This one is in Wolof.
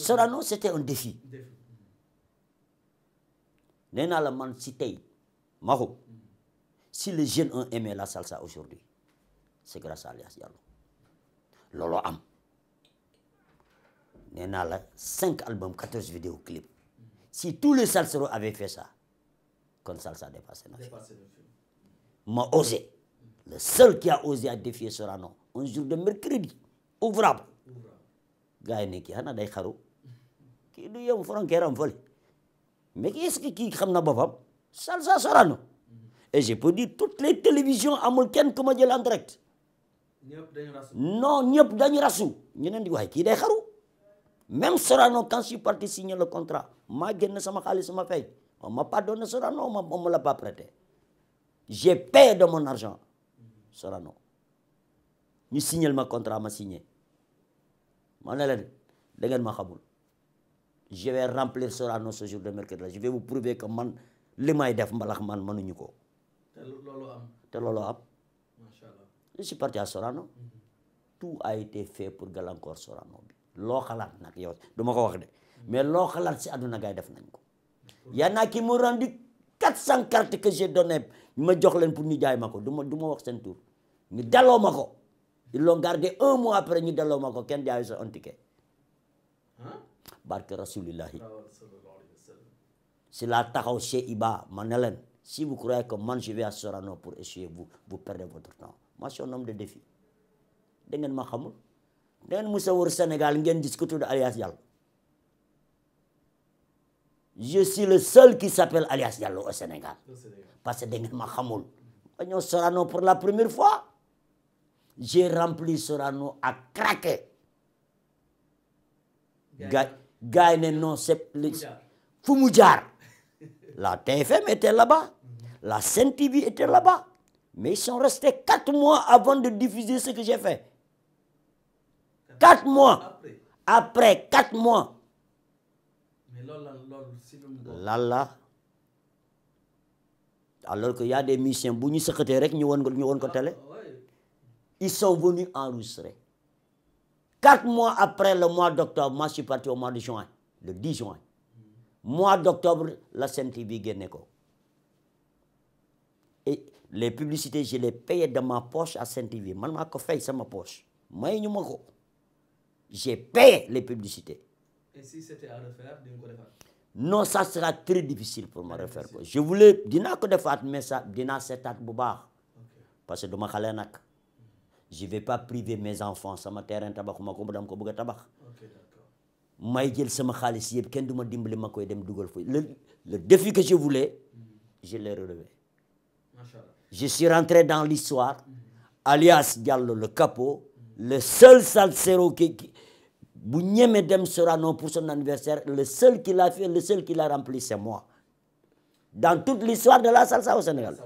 Sorano c' un défi nee naa la man si tey Maroc si les jeunes un aimé la salsa aujourd'hui c' grâce à Alias Diallo am nee naa la cinq albums quatorze vidéoclips si tous les salseros avaient fait ça kon salsa dépassé na fi ma osé le seul qui a osé a défier Sorano un jour de mercredi ouvrable gars ne kii xanaa day xaru kii du yem frontière am fële mais est ce que kii xam na boppam Salsa Sorano mm-hmm. et je peux dire toutes les télévisions amul kenn ku ma jël en direct non ñëpp dañu rasu ñu neen di waaye kii day xaru même Sorano quand je suis parti signer le contrat maa génn sama xaalis sama fay on m'a pas donné Sorano on me l'a pas prêté j'ai payé de mon argent mm-hmm. Sorano ñu signal ma contrat ma signé ma ne leen da ma xamul je vais remplir cela non ce jour de mercredi je vais vous prouver que man li may def mbalax man mënuñu ko. te loolu am. te loolu am. macha allah je parti à Sorano. Mhm. tout ay été fait pour gàllankoor Sorano bi. loo xalaat nag yow du ma ko wax de. Mhm. mais loo xalaat si àdduna gaay def nañ ko. y en a qui m'ont rendu quatre cent cartes que j'ai ma jox leen pour jaay ma ko du ma du ma wax seen tur ñu delloo ma ko. ils l'ont gardé un mois après ñu delloo ma ko kenn jaay sa un ticket. barke rasulillahi si laa taxaw chez Iba ma ne leen si vous croyez que man je vais Sorano pour essayer vous vous perdez votre temps ma suis un homme de défi da ngeen ma xamul da ngeen musa wër Sénégal ngeen Alias Diallo je suis le seul qui s'appelle Alias Diallo au Sénégal parce ma xamul ma Sorano pour la première fois j'ai rempli Sorano à gaay gaay ne non c'est fu mu jaar la TFM était là-bas mhm. la Sen TV était là mais ils sont restés quatre mois avant de diffuser ce que j'ai fait quatre mois après quatre mois lalla alors que y a des musiciens bu ñu sëqatee rek ñu won ñu won ko télé ah, ils sont venus enregistrer Quatre mois après le mois d'octobre, moi je suis parti au mois de juin, le 10 juin. Mois d'octobre, la SenTV génne ko. Et les publicités, je les payais de ma poche à SenTV. Man maa ko fay sama poche. May ñu ma ko. J'ai payé les publicité Et si c'était Non, ça sera très difficile pour moi refaire ko. Je voulais dinaa ko defaat mais ça dinaa seetaat bu baax. Parce que duma xale je vais pas priver mes enfants sama terrain tabaxuma ko dama ko bëgg a tabax may jël sama xaalis yëpp kenn du ma dimbali ma koy dem dugal foofu le le défi que je voulais mhm. je l'ai relevé je suis rentré dans l'histoire mhm. alias Diallo le capot mhm. le seul salsero qui bu ñeme dem Sorano pour son anniversaire le seul qui l'a fait le seul qui l'a rempli c'est moi dans toute l'histoire de la salsa au Sénégal